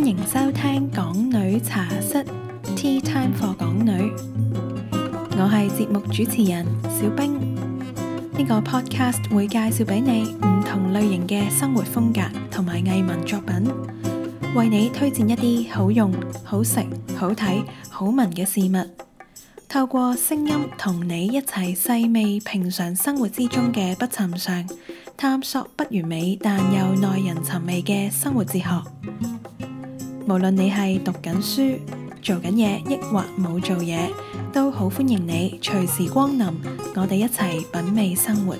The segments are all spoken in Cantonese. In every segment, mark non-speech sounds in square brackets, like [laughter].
歡迎收聽港女茶室 Tea Time for 港女，我係節目主持人小冰。呢個 podcast 會介紹俾你唔同類型嘅生活風格同埋藝文作品，為你推薦一啲好用、好食、好睇、好聞嘅事物。透過聲音同你一齊細味平常生活之中嘅不尋常，探索不完美但又耐人尋味嘅生活哲學。無論你係讀緊書、做緊嘢，抑或冇做嘢，都好歡迎你隨時光臨，我哋一齊品味生活。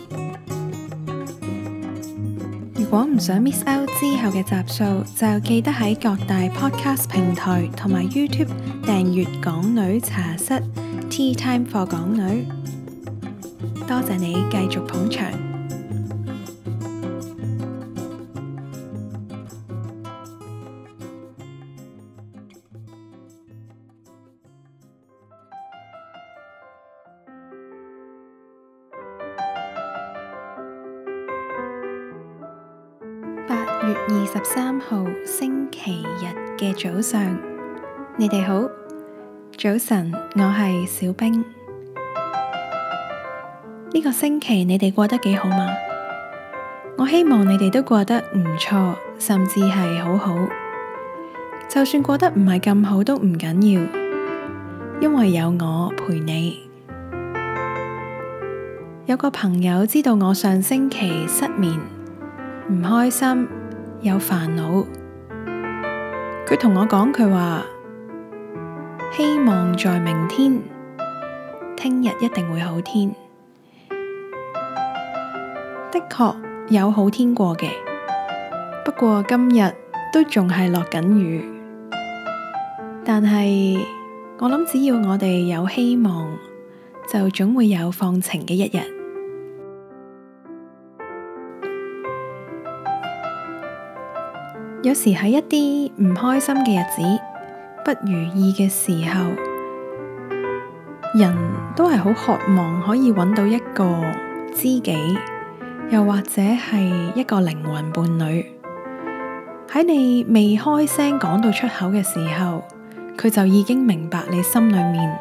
如果唔想 miss out 之後嘅集數，就記得喺各大 podcast 平台同埋 YouTube 訂閱《港女茶室 Tea Time for 港女》。多謝你繼續捧場。月二十三號星期日嘅早上，你哋好，早晨，我係小冰。呢個星期你哋過得幾好嘛？我希望你哋都過得唔錯，甚至係好好。就算過得唔係咁好都唔緊要，因為有我陪你。有個朋友知道我上星期失眠，唔開心。有煩惱，佢同我講佢話，希望在明天、聽日一定會好天。的確有好天過嘅，不過今日都仲係落緊雨。但係我諗，只要我哋有希望，就總會有放晴嘅一日。有時喺一啲唔開心嘅日子、不如意嘅時候，人都係好渴望可以揾到一個知己，又或者係一個靈魂伴侶。喺你未開聲講到出口嘅時候，佢就已經明白你心裏面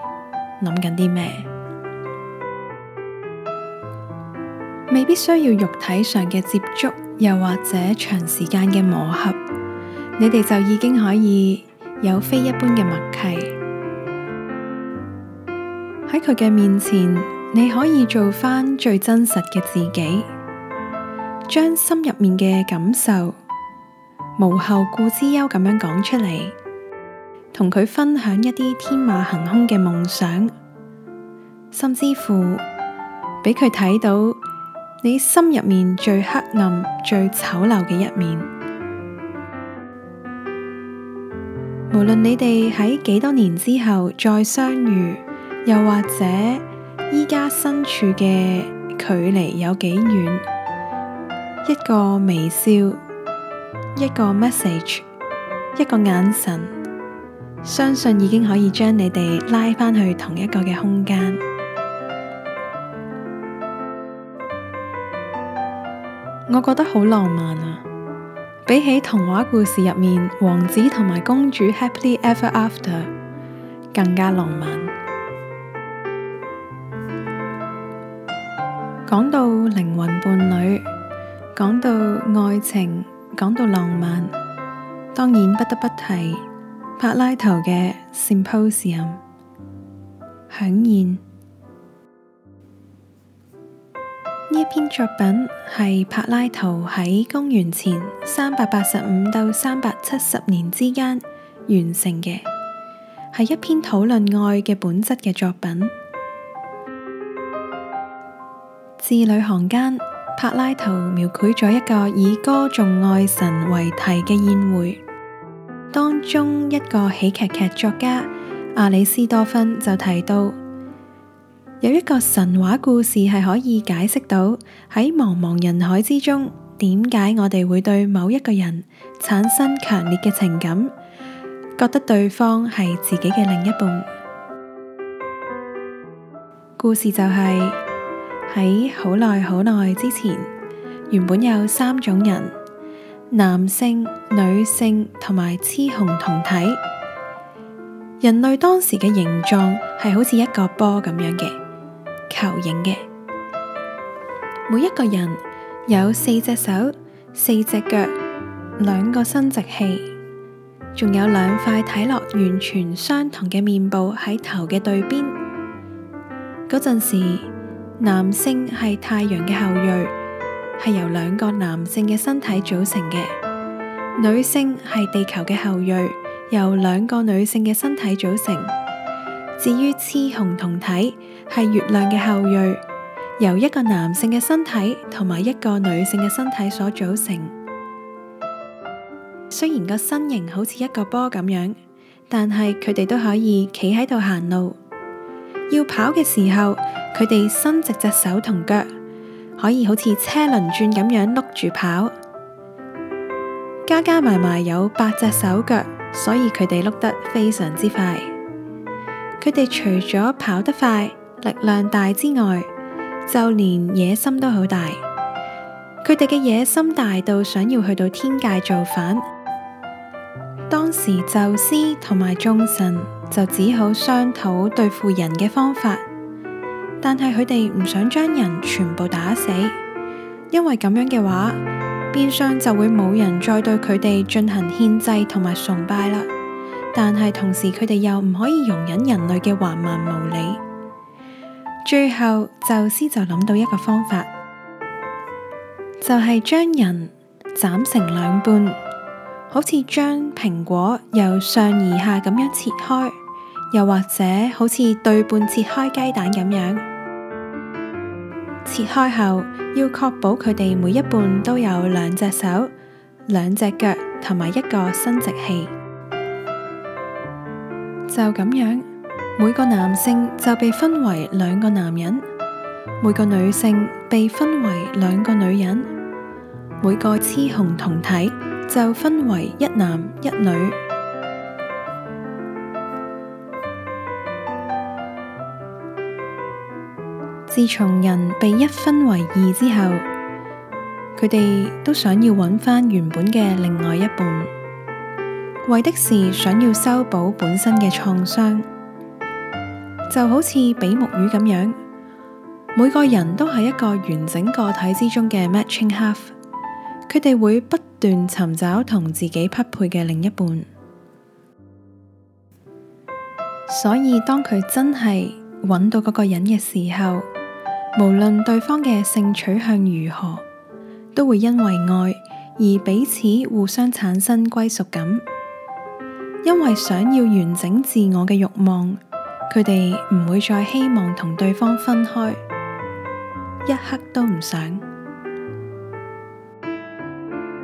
諗緊啲咩。未必需要肉體上嘅接觸，又或者長時間嘅磨合。你哋就已經可以有非一般嘅默契。喺佢嘅面前，你可以做返最真實嘅自己，將心入面嘅感受無後顧之憂咁樣講出嚟，同佢分享一啲天馬行空嘅夢想，甚至乎俾佢睇到你心入面最黑暗、最醜陋嘅一面。無論你哋喺幾多年之後再相遇，又或者而家身處嘅距離有幾遠，一個微笑，一個 message，一個眼神，相信已經可以將你哋拉返去同一個嘅空間。我覺得好浪漫啊！比起童話故事入面，王子同埋公主 happy ever after 更加浪漫。講到靈魂伴侶，講到愛情，講到浪漫，當然不得不提柏拉圖嘅 Symposium，饗宴。呢一篇作品係柏拉圖喺公元前三百八十五到三百七十年之間完成嘅，係一篇討論愛嘅本質嘅作品。字裏行間，柏拉圖描繪咗一個以歌頌愛神為題嘅宴會，當中一個喜劇劇作家亞里斯托芬就提到，有一個神話故事係可以解釋到喺茫茫人海之中，點解我哋會對某一個人產生強烈嘅情感，覺得對方係自己嘅另一半。故事就係喺好耐好耐之前，原本有三種人：男性、女性同埋雌雄同體。人類當時嘅形狀係好似一個波咁樣嘅。球形嘅，每一個人有四隻手、四隻腳、兩個生殖器，仲有兩塊睇落完全相同嘅面部喺頭嘅對邊。嗰陣時，男性係太陽嘅後裔，係由兩個男性嘅身體組成嘅；女性係地球嘅後裔，由兩個女性嘅身體組成。至於雌雄同體，係月亮嘅後裔，由一個男性嘅身體同埋一個女性嘅身體所組成。雖然個身形好似一個波咁樣，但係佢哋都可以企喺度行路。要跑嘅時候，佢哋伸直隻手同腳，可以好似車輪轉咁樣碌住跑。加加埋埋有八隻手腳，所以佢哋碌得非常之快。佢哋除咗跑得快、力量大之外，就連野心都好大。佢哋嘅野心大到想要去到天界造反。當時宙斯同埋眾神就只好商討對付人嘅方法，但係佢哋唔想將人全部打死，因為咁樣嘅話，變相就會冇人再對佢哋進行獻祭同埋崇拜啦。但係同時，佢哋又唔可以容忍人類嘅緩慢無理。最後，宙斯就諗到一個方法，就係將人斬成兩半，好似將蘋果由上而下咁樣切開，又或者好似對半切開雞蛋咁樣。切開後，要確保佢哋每一半都有兩隻手、兩隻腳同埋一個生殖器。就咁樣，每個男性就被分為兩個男人，每個女性被分為兩個女人，每個雌雄同體就分為一男一女。自從人被一分為二之後，佢哋都想要揾翻原本嘅另外一半。為的是想要修補本身嘅創傷，就好似比目魚咁樣，每個人都係一個完整個體之中嘅 matching half，佢哋會不斷尋找同自己匹配嘅另一半。所以當佢真係揾到嗰個人嘅時候，無論對方嘅性取向如何，都會因為愛而彼此互相產生歸屬感。因為想要完整自我嘅慾望，佢哋唔會再希望同對方分開，一刻都唔想。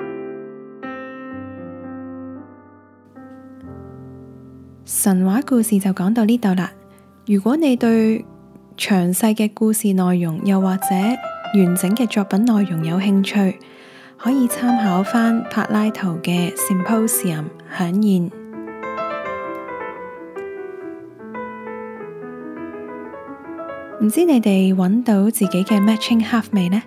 [music] 神話故事就講到呢度啦。如果你對詳細嘅故事內容，又或者完整嘅作品內容有興趣，可以參考返柏拉圖嘅《Symposium》饗宴。唔知你哋揾到自己嘅 matching half 未呢？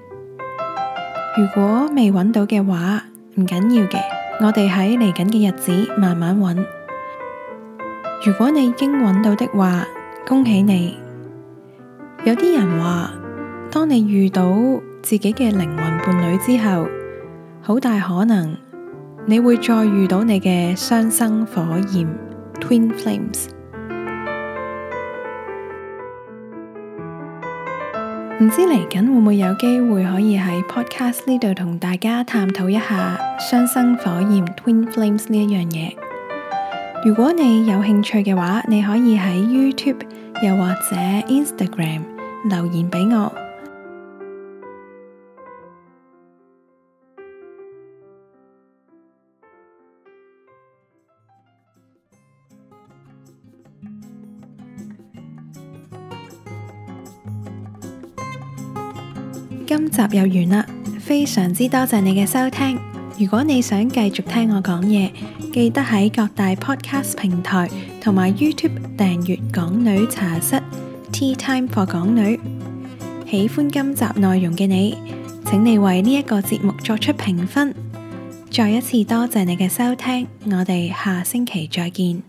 如果未揾到嘅話，唔緊要嘅，我哋喺嚟緊嘅日子慢慢揾。如果你已經揾到的話，恭喜你！有啲人話，當你遇到自己嘅靈魂伴侶之後，好大可能你會再遇到你嘅雙生火焰 （twin flames）。唔知嚟緊會唔會有機會可以喺 Podcast 呢度同大家探討一下雙生火焰 （Twin Flames） 呢一樣嘢。如果你有興趣嘅話，你可以喺 YouTube 又或者 Instagram 留言俾我。今集又完啦，非常之多謝你嘅收聽。如果你想繼續聽我講嘢，記得喺各大 podcast 平台同埋 YouTube 訂閱《港女茶室 Tea Time for 港女》。喜歡今集內容嘅你，請你為呢一個節目作出評分。再一次多謝你嘅收聽，我哋下星期再見。